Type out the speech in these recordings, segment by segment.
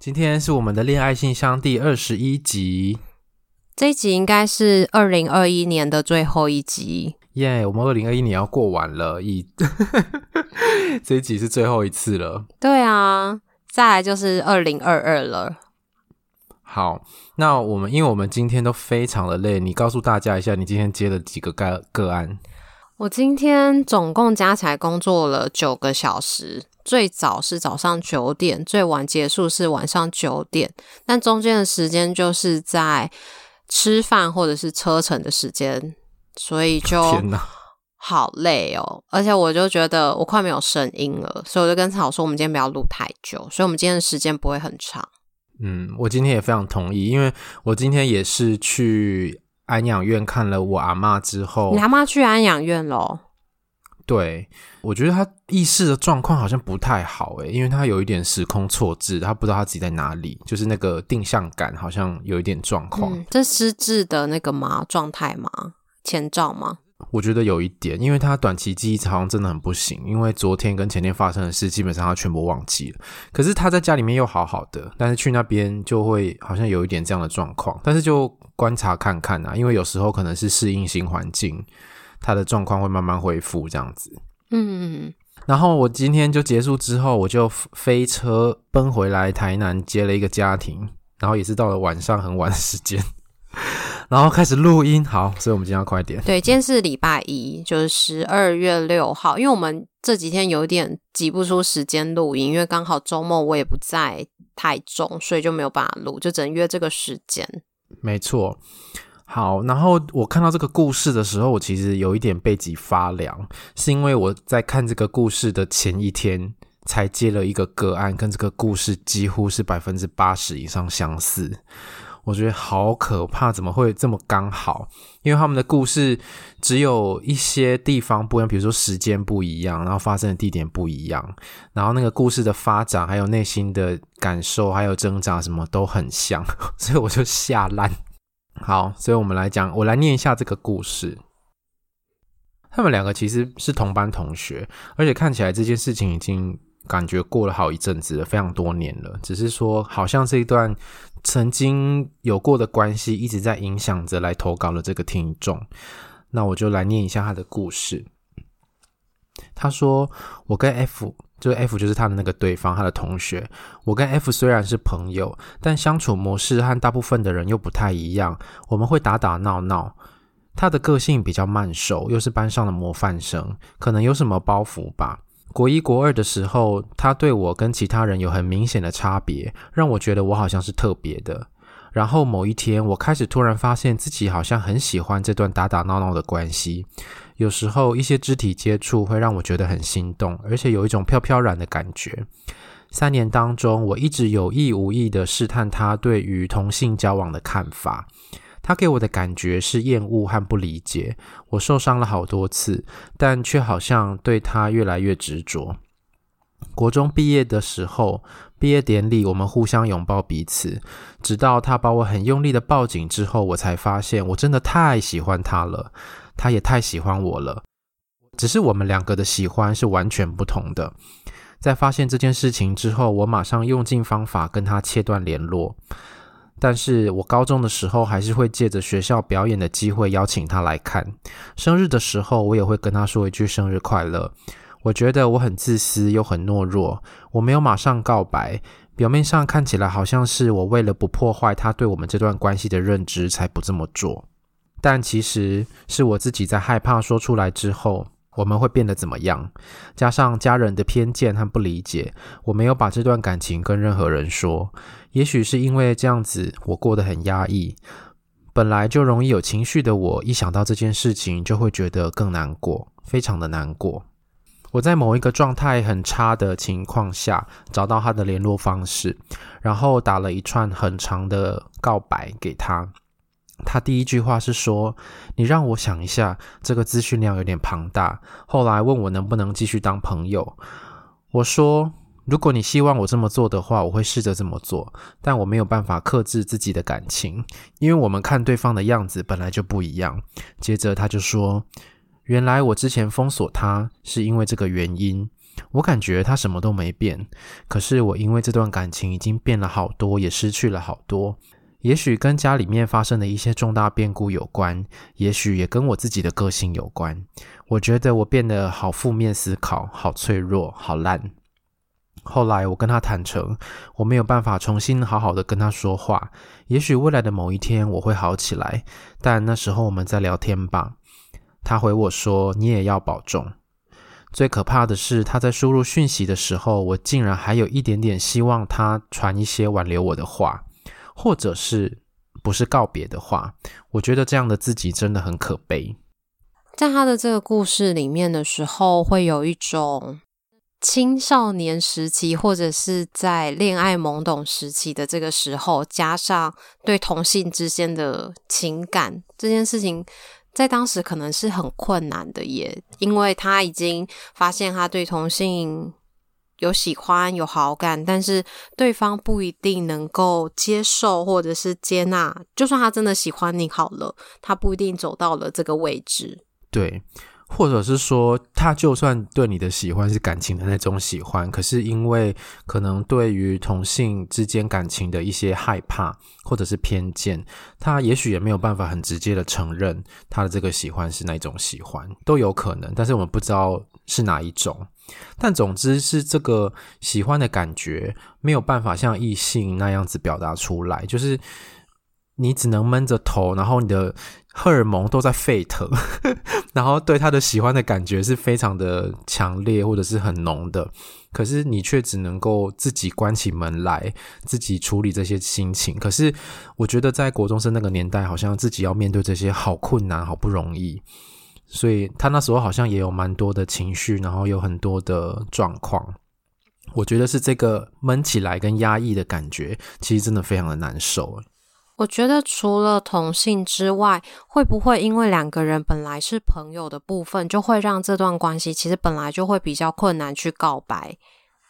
今天是我們的練愛信箱第二十一集，這一集應該是二零二一年的最後一集。耶，yeah, 我們二零二一年要過完了，以 這一集是最後一次了。對啊，再來就是二零二二了。好，那我們因為我們今天都非常的累，你告訴大家一下，你今天接了幾個個個案？我今天總共加起來工作了九個小時。最早是早上九點，最晚結束是晚上九點，但中間的時間就是在吃飯或者是車程的時間，所以就好累哦，喔。天哪。而且我就覺得我快沒有聲音了，所以我就跟草說，我們今天不要錄太久，所以我們今天的時間不會很長。嗯，我今天也非常同意，因為我今天也是去安養院看了我阿嬤之後。你阿嬤去安養院了？對，我覺得他意識的狀況好像不太好誒，因為他有一點時空錯置，他不知道他自己在哪裡，就是那個定向感好像有一點狀況。嗯，這失智的那個嗎？狀態嗎？前兆嗎？我覺得有一點，因為他短期記憶好像真的很不行，因為昨天跟前天發生的事，基本上他全部忘記了。可是他在家裡面又好好的，但是去那邊就會好像有一點這樣的狀況。但是就觀察看看吶，啊，因為有時候可能是適應新環境。他的狀況會慢慢恢復，這樣子。嗯，然後我今天就結束之後，我就飛車奔回來台南接了一個家庭，然後也是到了晚上很晚的時間，然後開始錄音。好，所以我們今天要快點。對，今天是禮拜一，就是十二月六號。因為我們這幾天有點擠不出時間錄音，因為剛好周末我也不在台中，所以就沒有辦法錄，就只能約這個時間。沒錯。好，然後我看到這個故事的時候，我其實有一點背脊發涼，是因為我在看這個故事的前一天才接了一個個案，跟這個故事幾乎是百分之八十以上相似。我覺得好可怕，怎麼會這麼剛好？因為他們的故事只有一些地方不一樣，比如說時間不一樣，然後發生的地點不一樣，然後那個故事的發展，還有內心的感受，還有掙扎什麼都很像，所以我就嚇爛。好，所以我們來講，我來念一下這個故事。他們兩個其實是同班同學，而且看起來這件事情已經感覺過了好一陣子了，非常多年了。只是說，好像這一段曾經有過的關係一直在影響着來投稿的這個聽眾。那我就來念一下他的故事。他說：“我跟 F。”就是 F，就是他的那個對方，他的同學。我跟 F 雖然是朋友，但相處模式和大部分的人又不太一樣。我們會打打鬧鬧，他的個性比較慢熟，又是班上的模範生，可能有什麼包袱吧。國一、國二的時候，他對我跟其他人有很明顯的差別，讓我覺得我好像是特別的。然後某一天，我開始突然發現自己好像很喜歡這段打打鬧鬧的關係。有時候一些肢體接觸會讓我覺得很心動，而且有一種飄飄然的感覺。三年當中，我一直有意無意的試探他對於同性交往的看法。他給我的感覺是厭惡和不理解。我受傷了好多次，但卻好像對他越來越執着。國中畢業的時候，畢業典禮我們互相擁抱彼此，直到他把我很用力的抱緊之後，我才發現我真的太喜歡他了。他也太喜歡我了，只是我們兩個的喜歡是完全不同的。在發現這件事情之後，我馬上用盡方法跟他切斷聯絡。但是我高中的時候還是會借着學校表演的機會邀請他來看，生日的時候我也會跟他說一句生日快樂。我覺得我很自私又很懦弱，我沒有馬上告白，表面上看起來好像是我為了不破壞他對我們這段關係的認知才不這麼做。但其實是我自己在害怕說出來之後，我們會變得怎麼樣？加上家人的偏見和不理解，我沒有把這段感情跟任何人說。也許是因為這樣子，我過得很壓抑。本來就容易有情緒的我，一想到這件事情就會覺得更難過，非常的難過。我在某一個狀態很差的情況下，找到他的聯絡方式，然後打了一串很長的告白給他。他第一句話是說：“你讓我想一下，這個資訊量有點龐大。”後來問我能不能繼續當朋友。我說：“如果你希望我這麼做的話，我會試着這麼做，但我沒有辦法克制自己的感情，因為我們看對方的樣子本來就不一樣。”接着他就說：“原來我之前封鎖他是因為這個原因。我感覺他什麼都沒變，可是我因為這段感情已經變了好多，也失去了好多。”也許跟家裡面發生的一些重大變故有關，也許也跟我自己的個性有關。我覺得我變得好負面思考，好脆弱，好爛。後來我跟他坦誠，我沒有辦法重新好好的跟他說話。也許未來的某一天我會好起來，但那時候我們再聊天吧。他回我說：“你也要保重。”最可怕的是，他在輸入訊息的時候，我竟然還有一點點希望他傳一些挽留我的話。或者是不是告白的話，我覺得這樣的自己真的很可悲。在他的這個故事裡面的時候，會有一種青少年時期，或者是在戀愛懵懂時期的這個時候，加上對同性之間的情感這件事情，在當時可能是很困難的耶，也因為他已經發現他對同性。有喜歡，有好感，但是對方不一定能夠接受或者是接納。就算他真的喜歡你好了，他不一定走到了這個位置。對，或者是說，他就算對你的喜歡是感情的那種喜歡，可是因為可能對於同性之間感情的一些害怕或者是偏見，他也許也沒有辦法很直接的承認他的這個喜歡是那種喜歡，都有可能。但是我們不知道是哪一種。但總之是這個喜歡的感覺沒有辦法像異性那樣子表達出來，就是你只能悶着頭，然後你的荷爾蒙都在沸騰， 然後對他的喜歡的感覺是非常的強烈或者是很濃的，可是你卻只能夠自己關起門來，自己處理這些心情。可是我覺得在國中生那個年代，好像自己要面對這些好困難，好不容易。所以他那時候好像也有蠻多的情緒，然後有很多的狀況。我覺得是這個悶起來跟壓抑的感覺，其實真的非常的難受。我覺得除了同性之外，會不會因為兩個人本來是朋友的部分，就會讓這段關係其實本來就會比較困難去告白？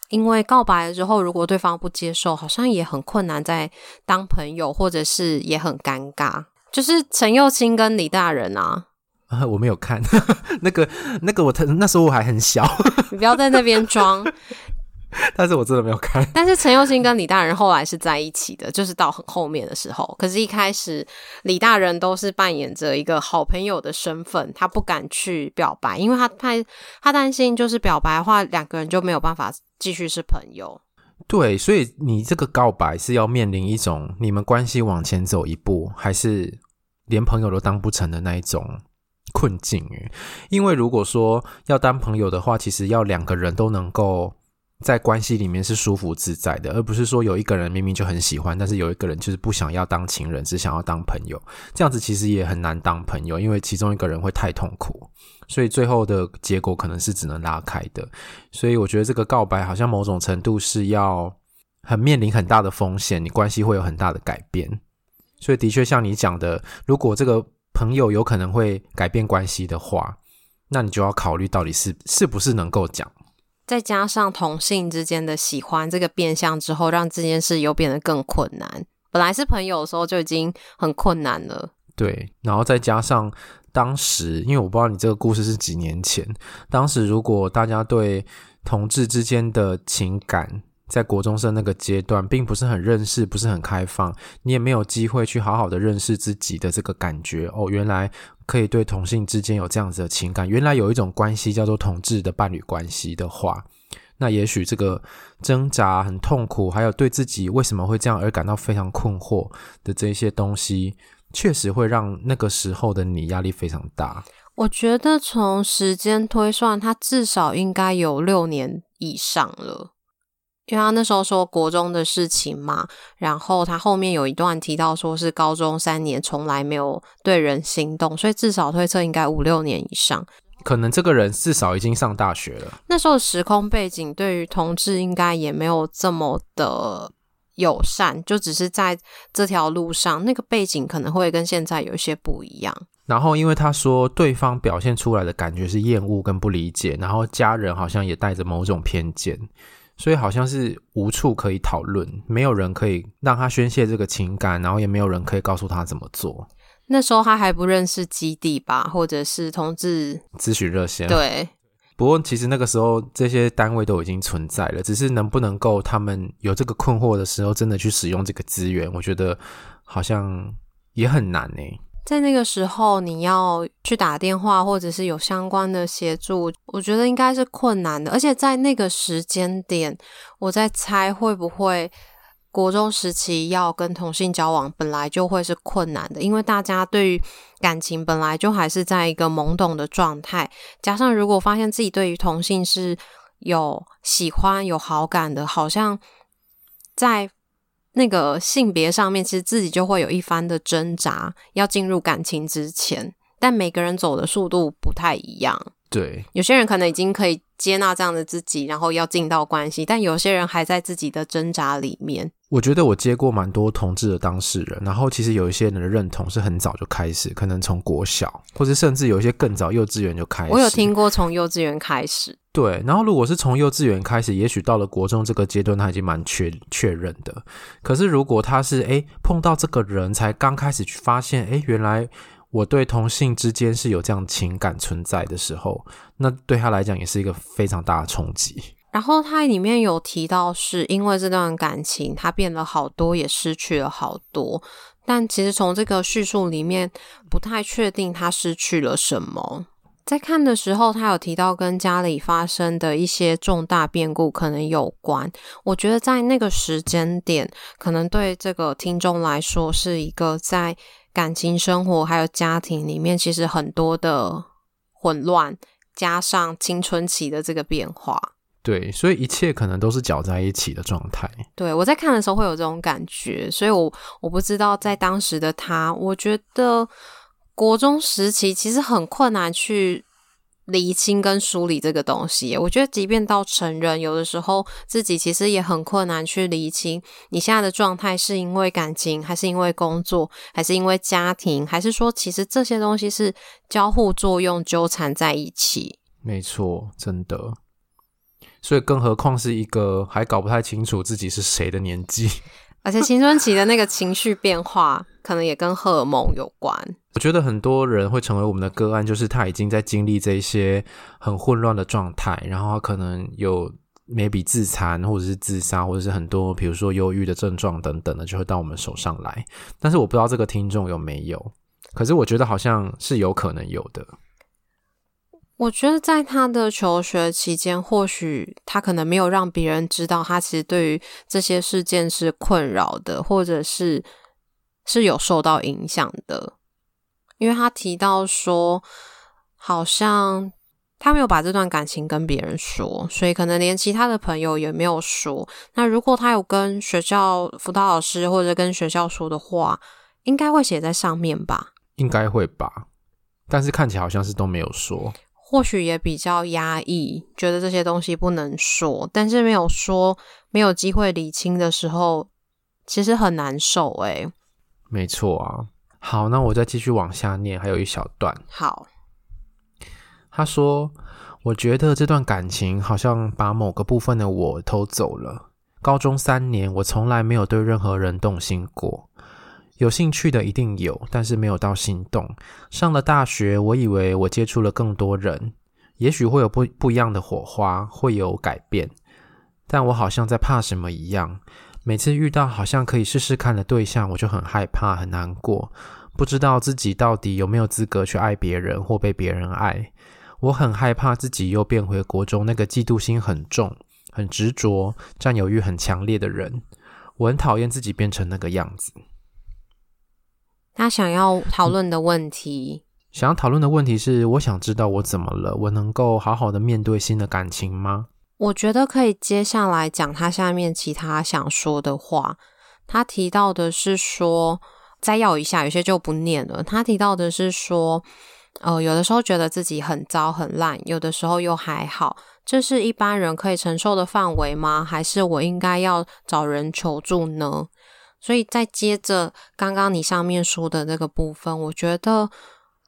因為告白了之後，如果對方不接受，好像也很困難再當朋友，或者是也很尷尬。就是程又青跟李大仁啊。啊，我沒有看那個 那個，那個、我那時候我還很小。 你不要在那邊裝。 但是我真的沒有看。但是陳佑欣跟李大人後來是在一起的，就是到很後面的時候。可是，一開始李大人都是扮演着一個好朋友的身份，他不敢去表白，因為他太，他擔心，就是表白的話，兩個人就沒有辦法繼續是朋友。對，所以你這個告白是要面臨一種你們關係往前走一步，還是連朋友都當不成的那一種？困境誒，因為如果說要當朋友的話，其實要兩個人都能夠在關係裡面是舒服自在的，而不是說有一個人明明就很喜歡，但是有一個人就是不想要當情人，只想要當朋友。這樣子其實也很難當朋友，因為其中一個人會太痛苦，所以最後的結果可能是只能拉開的。所以我覺得這個告白好像某種程度是要很面臨很大的風險，你關係會有很大的改變。所以的確像你講的，如果這個。朋友有可能會改變關係的話，那你就要考慮到底是是不是能夠講。再加上同性之間的喜歡這個變相之後，讓這件事又變得更困難。本來是朋友的時候就已經很困難了，對。然後再加上當時，因為我不知道你這個故事是幾年前，當時如果大家對同志之間的情感。在國中生那個階段，並不是很認識，不是很開放，你也沒有機會去好好的認識自己的這個感覺。哦，原來可以對同性之間有這樣子的情感，原來有一種關係叫做同志的伴侶關係的話，那也許這個掙扎很痛苦，還有對自己為什麼會這樣而感到非常困惑的這些東西，確實會讓那個時候的你壓力非常大。我覺得從時間推算，他至少應該有六年以上了。因為他那時候說國中的事情嘛，然後他後面有一段提到說是高中三年從來沒有對人心動，所以至少推測應該五六年以上，可能這個人至少已經上大學了。那時候時空背景對於同志應該也沒有這麼的友善，就只是在這條路上，那個背景可能會跟現在有一些不一樣。然後因為他說對方表現出來的感覺是厭惡跟不理解，然後家人好像也帶着某種偏見。所以好像是無處可以討論，沒有人可以讓他宣洩這個情感，然後也沒有人可以告訴他怎麼做。那時候他還不認識基地吧，或者是同志諮詢熱線。對，不過其實那個時候這些單位都已經存在了，只是能不能夠他們有這個困惑的時候真的去使用這個資源，我覺得好像也很難欸。在那個時候，你要去打電話，或者是有相關的協助，我覺得應該是困難的。而且在那個時間點，我在猜會不會國中時期要跟同性交往，本來就會是困難的，因為大家對於感情本來就還是在一個懵懂的狀態，加上如果發現自己對於同性是有喜歡、有好感的，好像在。那個性別上面，其實自己就會有一番的掙扎，要進入感情之前，但每個人走的速度不太一樣。對，有些人可能已經可以接納這樣的自己，然後要進到關係，但有些人還在自己的掙扎裡面。我覺得我接過蠻多同志的當事人，然後其實有一些人的認同是很早就開始，可能從國小，或是甚至有一些更早幼稚園就開始。我有聽過從幼稚園開始。對，然後如果是從幼稚園開始，也許到了國中這個階段，他已經蠻確確認的。可是如果他是誒碰到這個人才剛開始去發現，誒，原來我對同性之間是有這樣情感存在的時候，那對他來講也是一個非常大的衝擊。然後他裡面有提到，是因為這段感情，他變了好多，也失去了好多。但其實從這個敘述裡面，不太確定他失去了什麼。在看的時候，他有提到跟家裡發生的一些重大變故可能有關。我覺得在那個時間點，可能對這個聽眾來說，是一個在感情生活還有家庭裡面，其實很多的混亂，加上青春期的這個變化。對，所以一切可能都是攪在一起的狀態。對，我在看的時候會有這種感覺，所以我我不知道在當時的他，我覺得國中時期其實很困難去理清跟梳理這個東西。我覺得即便到成人，有的時候自己其實也很困難去理清你現在的狀態是因為感情，還是因為工作，還是因為家庭，還是說其實這些東西是交互作用、糾纏在一起。沒錯，真的。所以，更何況是一個還搞不太清楚自己是誰的年紀，而且青春期的那個情緒變化，可能也跟荷爾蒙有關。 我覺得很多人會成為我們的個案，就是他已經在經歷這一些很混亂的狀態，然後他可能有沒筆自殘，或者是自殺，或者是很多比如說憂鬱的症狀等等的，就會到我們手上來。但是我不知道這個聽眾有沒有，可是我覺得好像是有可能有的。我覺得在他的求學期間，或許他可能沒有讓別人知道，他其實對於這些事件是困擾的，或者是是有受到影響的。因為他提到說，好像他沒有把這段感情跟別人說，所以可能連其他的朋友也沒有說。那如果他有跟學校輔導老師或者跟學校說的話，應該會寫在上面吧？應該會吧，但是看起來好像是都沒有說。或許也比較壓抑，覺得這些東西不能說，但是沒有說，沒有機會理清的時候，其實很難受。誒。沒錯啊。好，那我再繼續往下念，還有一小段。好，他說：“我覺得這段感情好像把某個部分的我偷走了。高中三年，我從來沒有對任何人動心過。”有興趣的一定有，但是沒有到心動。上了大學，我以為我接觸了更多人，也許會有不不一樣的火花，會有改變。但我好像在怕什麼一樣，每次遇到好像可以試試看的對象，我就很害怕、很難過，不知道自己到底有沒有資格去愛別人或被別人愛。我很害怕自己又變回國中那個嫉妒心很重、很執着、佔有慾很強烈的人。我很討厭自己變成那個樣子。他想要討論的問題，想要討論的問題是：我想知道我怎麼了，我能夠好好的面對新的感情嗎？我覺得可以，接下來講他下面其他想說的話。他提到的是說，再要一下，有些就不念了。他提到的是說，呃，有的時候覺得自己很糟很爛，有的時候又還好，這是一般人可以承受的範圍嗎？還是我應該要找人求助呢？所以，再接着剛剛你上面說的那個部分，我覺得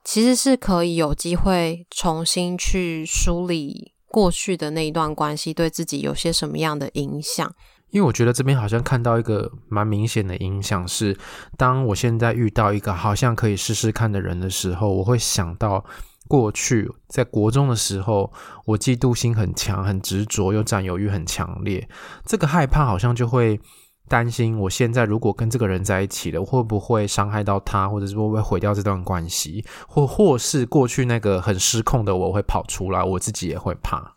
其實是可以有機會重新去梳理過去的那一段關係，對自己有些什麼樣的影響。因為我覺得這邊好像看到一個蠻明顯的影響是，當我現在遇到一個好像可以試試看的人的時候，我會想到過去在國中的時候，我嫉妒心很強，很執着，又占有欲很強烈，這個害怕好像就會。擔心我現在如果跟這個人在一起了，會不會傷害到他，或者是會不會毀掉這段關係，或或是過去那個很失控的我，我會跑出來，我自己也會怕。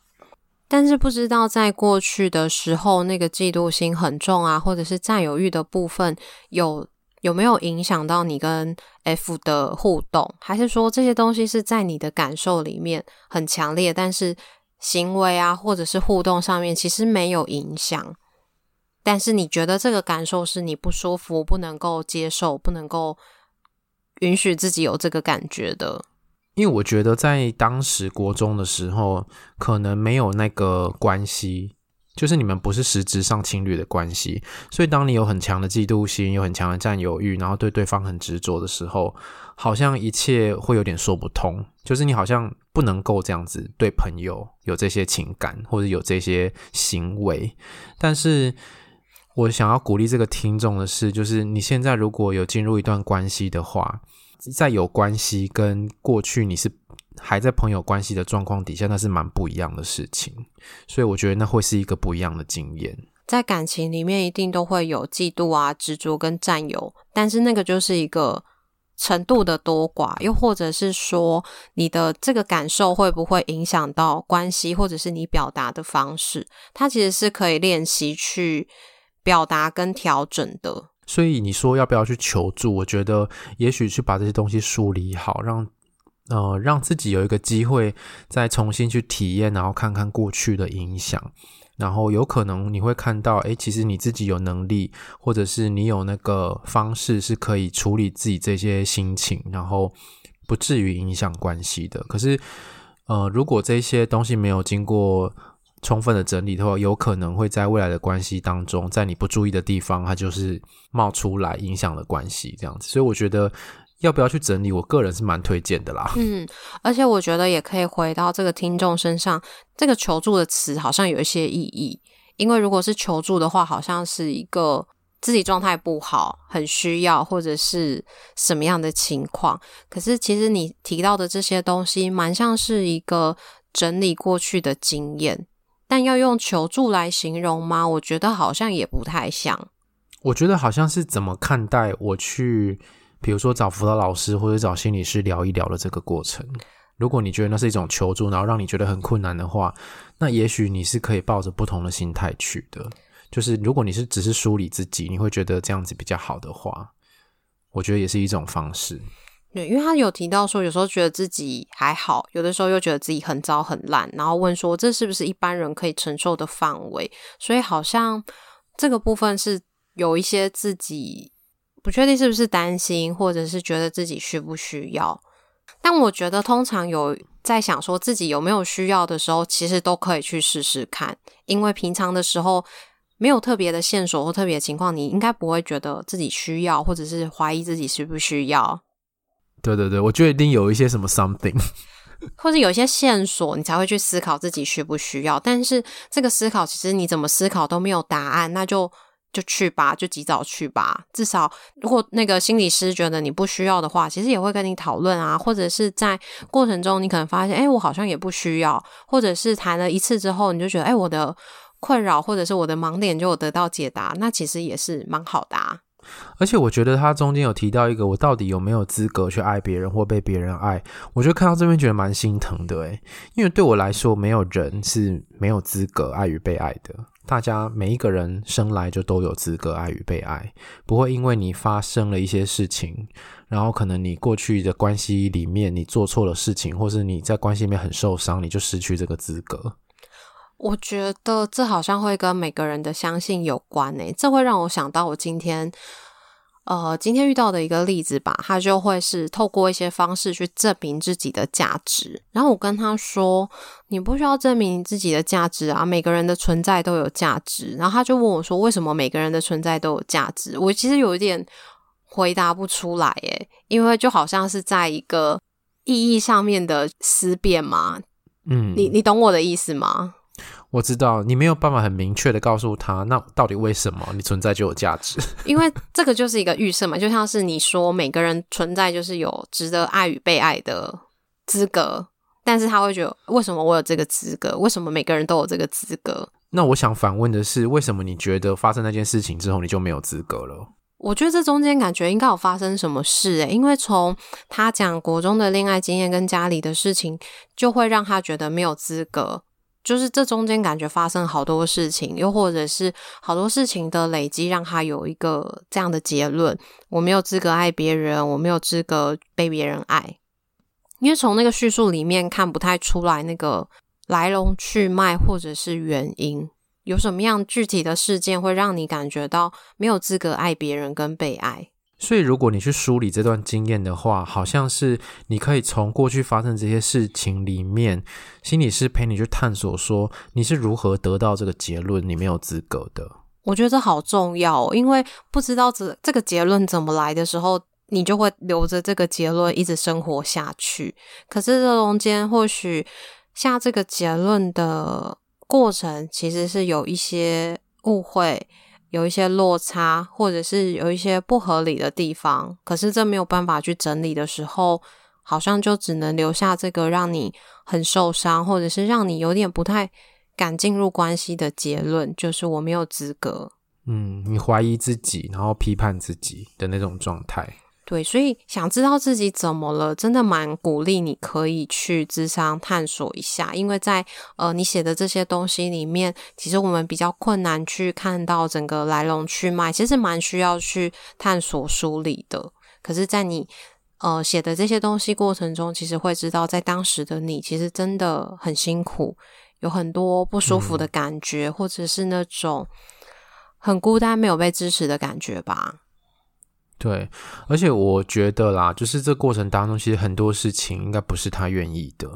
但是不知道在過去的時候，那個嫉妒心很重啊，或者是占有欲的部分，有有沒有影響到你跟 F 的互動？還是說這些東西是在你的感受裡面很強烈，但是行為啊，或者是互動上面其實沒有影響？但是你覺得這個感受是你不舒服、不能夠接受、不能夠允許自己有這個感覺的？因為我覺得在當時國中的時候，可能沒有那個關係，就是你們不是實質上情侶的關係，所以當你有很強的嫉妒心、有很強的佔有欲，然後對對方很執着的時候，好像一切會有點說不通，就是你好像不能夠這樣子對朋友有這些情感或者有這些行為，但是。我想要鼓勵這個聽眾的是，就是你現在如果有進入一段關係的話，在有關係跟過去你是還在朋友關係的狀況底下，那是蠻不一樣的事情，所以我覺得那會是一個不一樣的經驗。在感情裡面，一定都會有嫉妒啊、執着跟占有，但是那個就是一個程度的多寡，又或者是說你的這個感受會不會影響到關係，或者是你表達的方式，它其實是可以練習去。表達跟調整的，所以你說要不要去求助？我覺得也許去把這些東西梳理好，讓呃讓自己有一個機會再重新去體驗，然後看看過去的影響。然後有可能你會看到，誒，其實你自己有能力，或者是你有那個方式是可以處理自己這些心情，然後不至於影響關係的。可是，呃，如果這些東西沒有經過。充分的整理的話，有可能會在未來的關係當中，在你不注意的地方，它就是冒出來影響的關係這樣子。所以我覺得，要不要去整理，我個人是蠻推薦的啦。嗯，而且我覺得也可以回到這個聽眾身上，這個求助的詞好像有一些意義，因為如果是求助的話，好像是一個自己狀態不好，很需要或者是什麼樣的情況。可是其實你提到的這些東西，蠻像是一個整理過去的經驗。但要用求助來形容嗎？我覺得好像也不太像。我覺得好像是怎麼看待我去，比如說找輔導老師或者找心理師聊一聊的這個過程。如果你覺得那是一種求助，然後讓你覺得很困難的話，那也許你是可以抱着不同的心態去的。就是如果你是只是梳理自己，你會覺得這樣子比較好的話，我覺得也是一種方式。對，因為他有提到說，有時候覺得自己還好，有的時候又覺得自己很糟很爛，然後問說這是不是一般人可以承受的範圍？所以好像這個部分是有一些自己不確定是不是擔心，或者是覺得自己需不需要？但我覺得通常有在想說自己有沒有需要的時候，其實都可以去試試看，因為平常的時候沒有特別的線索或特別的情況，你應該不會覺得自己需要，或者是懷疑自己需不需要。對對對，我覺得一定有一些什麼 something，或者有一些線索，你才會去思考自己需不需要。但是這個思考，其實你怎麼思考都沒有答案，那就就去吧，就及早去吧。至少如果那個心理師覺得你不需要的話，其實也會跟你討論啊，或者是在過程中你可能發現，哎，我好像也不需要，或者是談了一次之後，你就覺得，哎，我的困擾或者是我的盲點就有得到解答，那其實也是蠻好的啊。而且我覺得他中間有提到一個，我到底有沒有資格去愛別人或被別人愛？我就看到這邊覺得蠻心疼的，誒，因為對我來說，沒有人是沒有資格愛與被愛的。大家每一個人生來就都有資格愛與被愛，不會因為你發生了一些事情，然後可能你過去的關係裡面你做錯了事情，或是你在關係裡面很受傷，你就失去這個資格。我覺得這好像會跟每個人的相信有關呢、欸，這會讓我想到我今天，呃，今天遇到的一個例子吧，他就會是透過一些方式去證明自己的價值。然後我跟他說：“你不需要證明自己的價值啊，每個人的存在都有價值。”然後他就問我說：“為什麼每個人的存在都有價值？”我其實有一點回答不出來、欸，誒，因為就好像是在一個意義上面的思辨嘛。嗯，你你懂我的意思嗎？我知道你沒有辦法很明確的告訴他，那到底為什麼你存在就有價值？ 因為這個就是一個預設嘛，就像是你說每個人存在就是有值得愛與被愛的資格，但是他會覺得為什麼我有這個資格？為什麼每個人都有這個資格？那我想反問的是，為什麼你覺得發生那件事情之後你就沒有資格了？我覺得這中間感覺應該有發生什麼事誒，因為從他講國中的戀愛經驗跟家裡的事情，就會讓他覺得沒有資格。就是這中間感覺發生好多事情，又或者是好多事情的累積，讓他有一個這樣的結論：我沒有資格愛別人，我沒有資格被別人愛。因為從那個敘述裡面看不太出來那個來龍去脈或者是原因，有什麼樣具體的事件會讓你感覺到沒有資格愛別人跟被愛。所以，如果你去梳理這段經驗的話，好像是你可以從過去發生這些事情裡面，心理師陪你去探索，說你是如何得到這個結論，你沒有資格的。我覺得這好重要，因為不知道這這個結論怎麼來的時候，你就會留着這個結論一直生活下去。可是這中間或許下這個結論的過程，其實是有一些誤會。有一些落差，或者是有一些不合理的地方，可是這沒有辦法去整理的時候，好像就只能留下這個讓你很受傷，或者是讓你有點不太敢進入關係的結論，就是我沒有資格。嗯，你懷疑自己，然後批判自己的那種狀態。對，所以想知道自己怎麼了，真的蠻鼓勵，你可以去諮商探索一下，因為在呃你寫的這些東西裡面，其實我們比較困難去看到整個來龍去脈，其實蠻需要去探索梳理的。可是，在你呃寫的這些東西過程中，其實會知道，在當時的你，其實真的很辛苦，有很多不舒服的感覺，嗯、或者是那種很孤單、沒有被支持的感覺吧。對，而且我覺得啦，就是這過程當中，其實很多事情應該不是他願意的。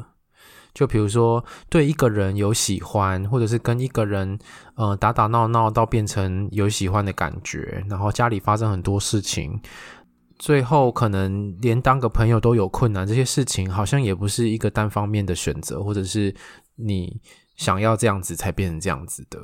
就比如說，對一個人有喜歡，或者是跟一個人，呃，打打鬧鬧到變成有喜歡的感覺，然後家裡發生很多事情，最後可能連當個朋友都有困難，這些事情好像也不是一個單方面的選擇，或者是你想要這樣子才變成這樣子的。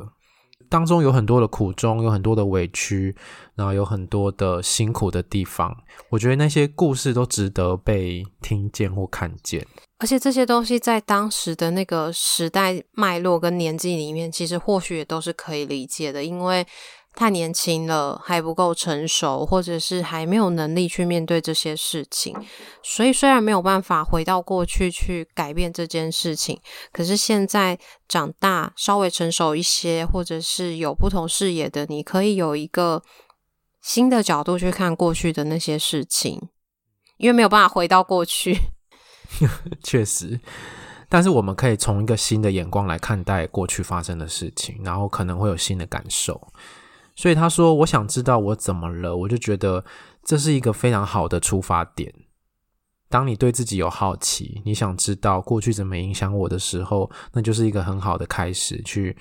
當中有很多的苦衷，有很多的委屈，然後有很多的辛苦的地方。我覺得那些故事都值得被聽見或看見。而且這些東西在當時的那個時代脈絡跟年紀裡面，其實或許也都是可以理解的，因為。太年輕了，還不夠成熟，或者是還沒有能力去面對這些事情，所以雖然沒有辦法回到過去去改變這件事情，可是現在長大稍微成熟一些，或者是有不同視野的，你可以有一個新的角度去看過去的那些事情，因為沒有辦法回到過去，確 實，但是我們可以從一個新的眼光來看待過去發生的事情，然後可能會有新的感受。所以他說：“我想知道我怎麼了。”我就覺得這是一個非常好的出發點。當你對自己有好奇，你想知道過去怎麼影響我的時候，那就是一個很好的開始，去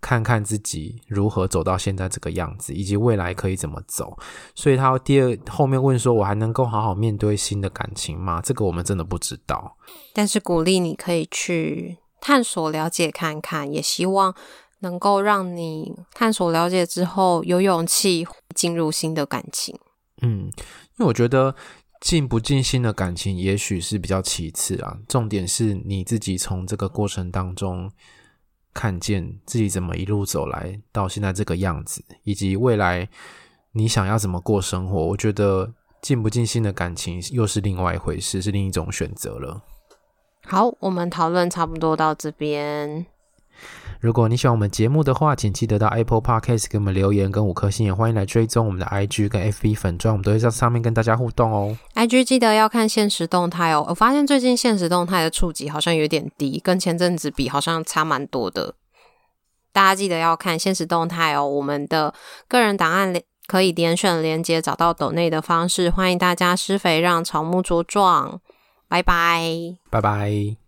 看看自己如何走到現在這個樣子，以及未來可以怎麼走。所以他第二後面問說：“我還能夠好好面對新的感情嗎？”這個我們真的不知道。但是鼓勵你可以去探索、了解、看看，也希望。能夠讓你探索了解之後，有勇氣進入新的感情。嗯，因為我覺得進不進新的感情，也許是比較其次啊。重點是你自己從這個過程當中看見自己怎麼一路走來，到現在這個樣子，以及未來你想要怎麼過生活。我覺得進不進新的感情，又是另外一回事，是另一種選擇了。好，我們討論差不多到這邊。如果你喜歡我們節目的話，請記得到 Apple Podcast 給我們留言跟五顆星，也歡迎來追蹤我們的 IG 跟 FB 粉專，我們都會在上面跟大家互動哦。IG 記得要看限時動態哦。我發現最近限時動態的觸及好像有點低，跟前陣子比好像差蠻多的。大家記得要看限時動態哦。我們的個人檔案可以點選連結找到抖內的方式，歡迎大家施肥讓草木茁壯。拜拜，拜拜。